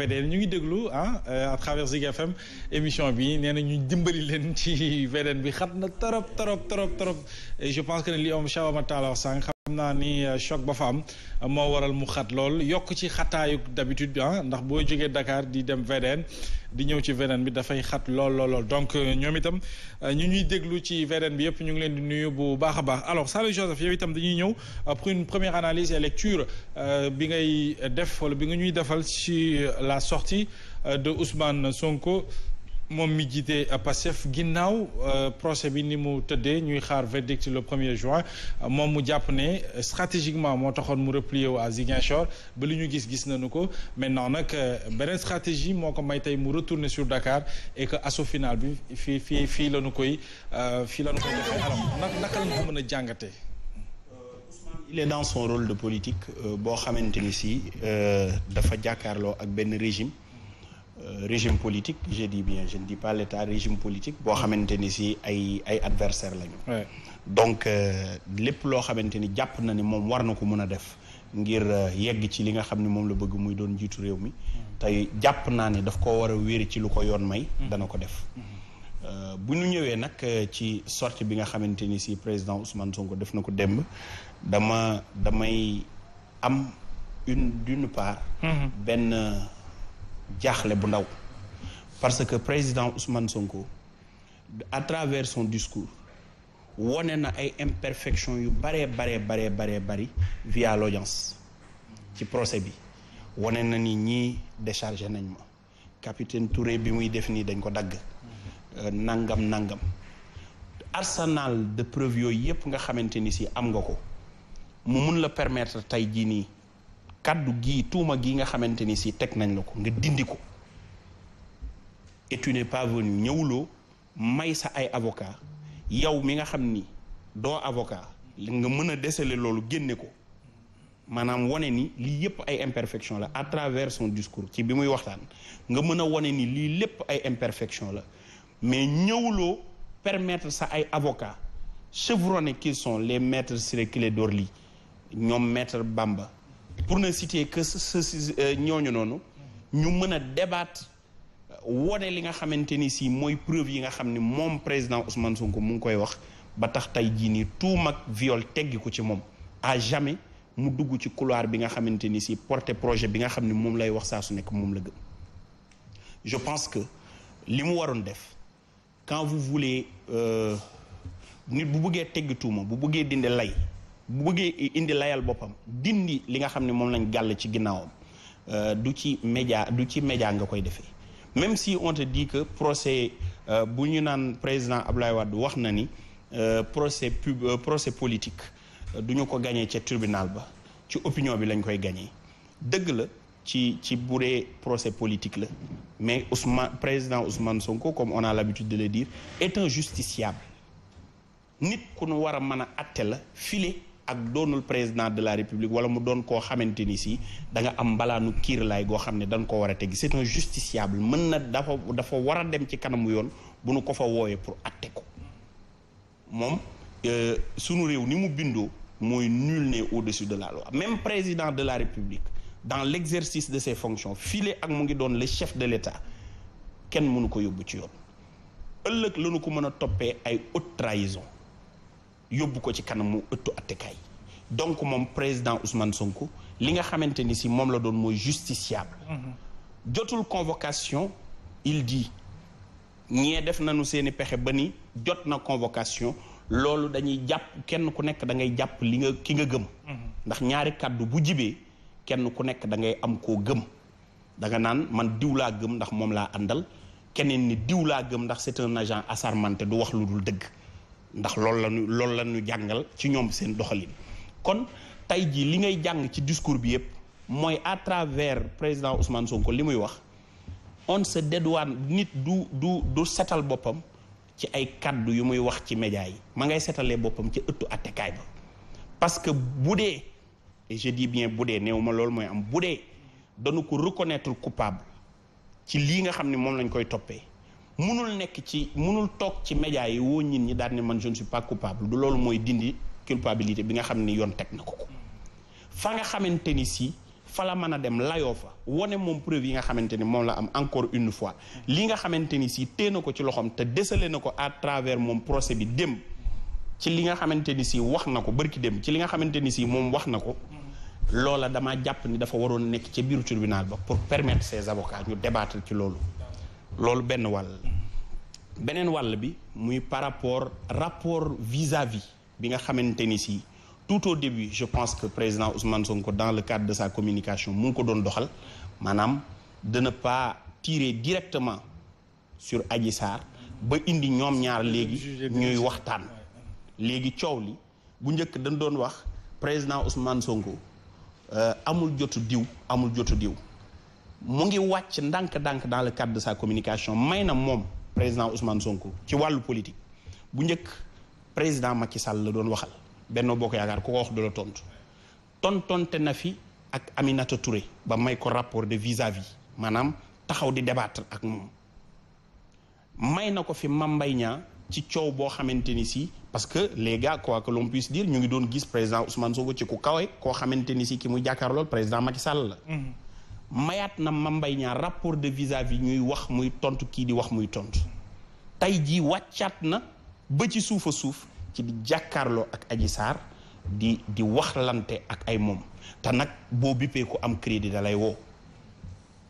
VDN ñu ngi déglu ah euh, à travers émission bi nee na ñu dimbali leen ci VDN bi xat na trop trop trop trop je pense que ne li om Chawama Talla xam naa ni euh, choc ba fa am euh, moo waral mu xat lool yokk ci xataayu d'habitude bi ah ndax boo jógee Dakar di dem VDN di ñëw ci VDN bi dafay xat lool lool donc euh, ñoom itam ñu ñuy déglu ci VDN bi yëpp ñu ngi leen di nuyu bu baax baax alors Saliou Joseph yow itam dañuy ñëw pour une première analyse et lecture bi ngay def wala bi nga ñuy defal ci la sorti de Ousmane Sonko. moom mi jiite Pastef ginnaaw euh, procès bi ni mu tëddee ñuy xaar verdict le premier juin moom mu jàpp ne stratégiquement moo taxoon mu replier waa à ba li ñu gis gis nañu ko maintenant nag euh, beneen stratégie moo ko may tey mu retourner sur Dakar et que assaut bi fii fii fii la ñu koy euh, fii la koy naka la ko mën a jàngatee. il est dans son rôle de politique boo xamante ni si dafa jàkkaarloo ak benn régime. Euh, régime politique je dis bien je ne dis pas l'état régime politique boo xamante ni si ay ay adversaire lañu ouais. donc euh, lépp loo xamante ni jàpp na ni moom war na ko mën a def ngir euh, yegg ci li nga xam ne moom la bëgg muy doon jiitu réew mi tey jàpp naa ne daf ko war a wéer ci lu ko yoon may dana ko def bu nu ñëwee nag ci sorti bi nga xamante ni si président Ousmane Sonko def na ko démb dama damay am une d'une part mm-hmm. benn jaaxle bu ndaw parce que président Ousmane Sonko à travers son discours wone na ay imperfections yu baree baree baree baree bari via l'audience ci procès bi wone na ni ñi déchargé nañ ma capitaine Touré bi muy def nii dañ ko dagg euh, nangam nangam arsenal de preuves yooyu yëpp nga xamante ni si am nga ko mu mun la permettre tey jii nii kaddu gi tuuma gi nga xamante ni si teg nañ la ko nga dindi ko et tu n'es pas venu ñëwuloo may sa ay avocat yow mi nga xam ni doo avocat nga mën a déceler loolu génne ko maanaam wane ni lii yépp ay imperfection la à travers son discours ci bi muy waxtaan nga mën a wane ni lii lépp ay imperfection la mais ñëwuloo permettre sa ay avocat chevronnés qu'ils sont les maîtres Ciré Clédor lii ñoom maître Bamba pour ne citer que ceci euh, ñooñu noonu ñu mën a débattre euh, wone li nga xamante ni si mooy preuve yi nga xam ni moom président Ousmane Sonko mu ngi koy wax ba tax tey jii nii tuum ak viol teggi ko ci moom à jamais mu dugg ci couloir bi nga xamante ni si porté projet bi nga xam ni moom lay wax saa su nekk moom la gëm je pense que li mu waroon def quand vous voulez euh, nit bu bëggee teggi tuuma bu bëggee dindi lay bu bëggee indi layal boppam dindi li nga xam ne moom lañ gàll ci ginnaawam euh, du ci média du ci média nga koy defee même si on te dit que procès euh, bu ñu naan président Abdoulaye Wade wax na ni euh, procès pub procès politique du ñu ko gañee ca tribunal ba ci opinion bi lañ koy gañee dëgg la ci ci bu dee procès politique la mais Ousmane président Ousmane Sonko comme on a l'habitude de le dire est un justiciable nit ku nu war a mën a atte la file ak doonul président de la république wala mu doon koo xamante ni si da nga am mbalaanu kiirlaay goo xam ne danga ko war a tegi c'est un justiciable mën na dafa dafa war a dem ci kanamu yoon bu nu ko fa wooyee pour atte ko moom euh, sunu réew ni mu bindoo mooy nul n'est au-dessus de la loi même président de la république dans l'exercice de ses fonctions file ak mu ngi doon le chef de l'État kenn mënu ko yóbbu ci yoon ëllëg lañu ko mën a toppee ay haute yóbbu ko ci kanamu ëttu attekaay donc moom président Ousmane Sonko li nga xamante ni si moom la doon mooy justiciable mhm. jotul convocation il dit ñee def nañu seeni pexe ba ni jot na convocation loolu dañuy jàpp kenn ku nekk da ngay jàpp li nga ki nga gëm mhm. ndax ñaari kàddu bu jibee kenn ku nekk da ngay am koo gëm da nga naan man diw laa gëm ndax moom laa àndal keneen ni diw laa gëm ndax c'est un agent assermenté du wax lu dul dëgg ndax loolu la ñu loolu la ñu jàngal ci ñoom seen doxalin kon tey jii li ngay jàng ci discours bi yëpp mooy à travers président Ousmane Sonko li muy wax on sa dédouane nit du du du setal boppam ci ay kàddu yu muy wax ci média yi ma ngay setalee boppam ci ëttu attekaay ba parce que bu dee et je bien bu dee néew ma loolu mooy am bu dee danu ko reconnaître coupable ci lii nga xam ne moom lañ koy toppee munul nekk ci munul toog ci média yi woo ñin ñi daan ne man je ne suis pas coupable du loolu mooy dindi culpabilité bi nga xam ni yoon teg na ko ko fa nga xamante ni si fa la mën a dem layoo fa wone moom preuve yi nga xamante ni moom la am encore une fois li nga xamante ni si téye na ko ci loxoom te décelé na ko à travers moom procès bi dem ci li nga xamante ni si wax na ko bërki dem ci li nga xamante ni si moom wax na ko loola dama jàpp ni dafa waroon nekk ca biiru tribunal ba pour permettre ses avocats ñu débattre ci loolu loolu benn wàll beneen wàll bi muy par rapport rapport vis-à-vis bi nga xamante ni si tout au début je pense que président Ousmane Sonko dans le cadre de sa communication mu ngi ko doon doxal maanaam dana ne pas tirer directement sur Adji Sarr ba indi ñoom ñaar léegi ñuy waxtaan léegi coow li bu njëkk dañ doon wax président Ousmane Sonko euh, amul jotu diw amul jotu diw mu ngi wàcc ndànk-ndànk dans le cadre de sa communication may na moom président Ousmane Sonko ci wàllu politique bu njëkk président Macky Sall la doon waxal Benno Bokk Yaakaar ku ko wax du la tontu tontonte na fi ak Aminata Touré ba may ko rapport de vis-à-vis maanaam taxaw di débattre ak moom may na ko fi Mame Mbaye Niang ci coow boo xamante ni si parce que les gars quoi que l'on puisse dire ñu ngi doon gis président Ousmane Sonko ci ku kawe koo xamante ni si ki muy jàkkaarlool président Macky Sall la. Mm-hmm. mayaat na ma Mbaye Niang rapport de vis-à-vis ñuy wax muy tontu kii di wax muy tontu tey jii wàccaat na ba ci suufa suuf ci di jàkkaarloo ak Adji Sarr di di waxlante ak ay moom te nag boo bippee am crédit da lay woo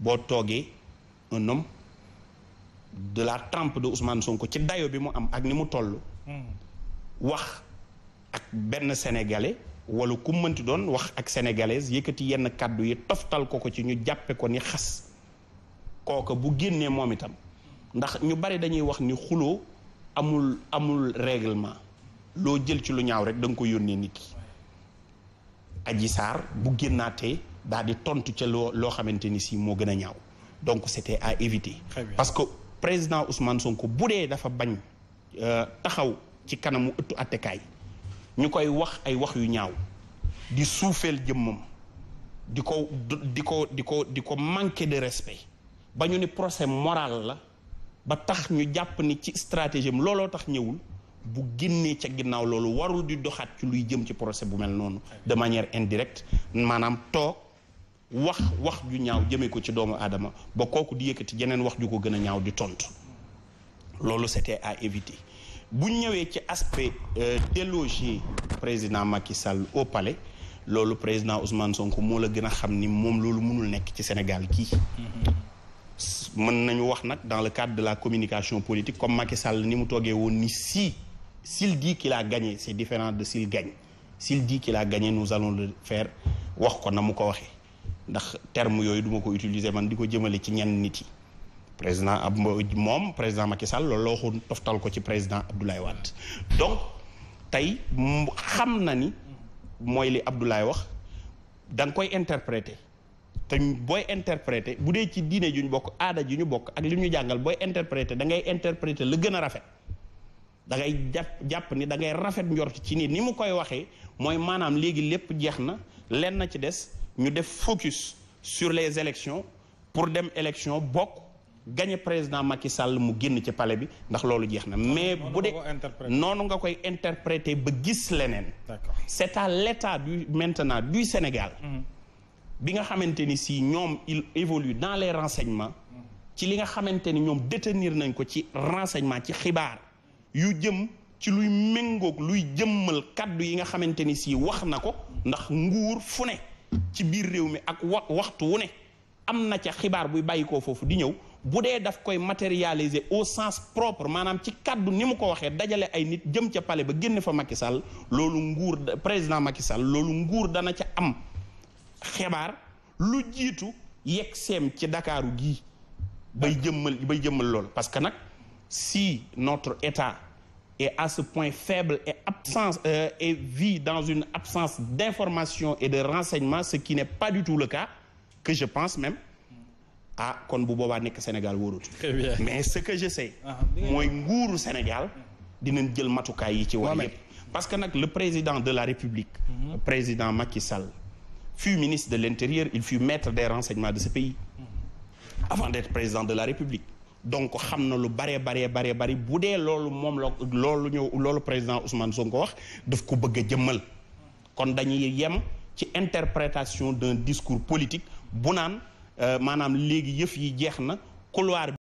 boo toogee un de la trempe de Ousmane Sonko ci dayo bi mu am ak ni mu toll. Hmm. wax ak benn sénégalais. wala ku mënti doon wax ak sénégalaise yëkkati yenn kàddu yi toftal ko ko ci ñu jàppe ko ni xas kooka bu génnee moom itam ndax ñu bari dañuy wax ni xuloo amul amul réglement loo jël ci lu ñaaw rek da nga ko yónnee nit ki aji saar bu génnaatee daal di tontu ca loo loo xamante ni si moo gën a ñaaw donc c'était à éviter parce que président Ousmane Sonko bu dee dafa bañ euh, taxaw ci kanamu ëttu attekaay ñu koy wax ay wax yu ñaaw di suufeel jëmmam di ko di ko di ko di ko manqué de respect ba ñu ni procès moral la ba tax ñu jàpp ni ci stratégie looloo tax ñëwul bu génnee ca ginnaaw loolu warul di doxaat ci luy jëm ci procès bu mel noonu de manière indirecte maanaam toog wax wax ju ñaaw jëmee ko ci doomu aadama ba kooku di yëkkati jeneen wax ju ko gën a ñaaw di tontu loolu c'était à éviter bu ñëwee ci aspect euh, déloger président Macky Sall au palais loolu président Ousmane Sonko moo la gën a xam ni moom loolu mënul nekk ci Sénégal kii. Mm-hmm. mën nañu wax nag dans le cadre de la communication politique comme Macky Sall ni mu toogee woon ni si s'il dit qu'il a gagné c'est différent de s'il gagne s'il dit qu'il a gagné nous allons le faire wax ko na mu ko waxee ndax terme yooyu duma ko utiliser man di ko jëmale ci ñenn nit yi. président ab moom président Macky Sall loolu la toftal ko ci président Abdoulaye waat donc tey xam na ni mooy li Abdoulaye wax danga koy interpréter te booy interpréter bu dee ci diine ju ñu bokk aada ju ñu bokk ak li ñu jàngal booy interpréter da ngay interpréter la gën a rafet da ngay jàpp jàpp ni da ngay rafet njort ci nii ni mu koy waxee mooy maanaam léegi lépp jeex na lenn na ci des ñu def focus sur les élections pour dem élection bokk. gañe président Macky Sall mu génn ci pale bi ndax loolu jeex na mais bu dee noonu nga koy interprété ba gis leneen c'est à l'état du maintenant du Sénégal mm-hmm. bi nga xamante ni si ñoom il évolue dans les renseignements mm-hmm. ci li nga xamante ni ñoom détenir nañ ko ci renseignement ci xibaar yu jëm ci luy méngoog luy jëmmal kàddu yi nga xamante ni si wax na ko ndax nguur fu ne ci biir réew mi ak wa waxtu wu ne am na ca xibaar buy bàyyi ko foofu di ñëw bu dee daf koy matérialiser au sens propre maanaam ci kàddu ni mu ko waxee dajale ay nit jëm ca palais ba génn fa Macky loolu nguur président Macky loolu nguur dana ca am xibaar lu jiitu yegg seem ci Ndakaaru gi bay jëmmal bay jëmmal loolu parce que nag si notre état est à ce point faible et absence euh, et vit dans une absence d'information et de renseignement ce qui n'est pas du tout le cas que je pense même ah kon bu boobaa nekk Sénégal wóorut. mais ce que je sais. Ah, ah, mooy nguuru Sénégal. Ah. dinañ jël matukaay yi ci war yépp parce que nag le président de la République. Mm -hmm. président Macky Sall. fut ministre de l'Intérieur il fut maître des renseignements de ce pays. Mm -hmm. avant d'être président de la République. donc xam na lu bare bare bare bari bu dee loolu moom la loolu ñëw loolu président Ousmane Sonko wax daf ko bëgg a jëmmal. Mm-hmm. kon dañuy yem ci interprétation d'un discours politique bu naan. Euh, maanaam léegi yëf yi jeex na couloir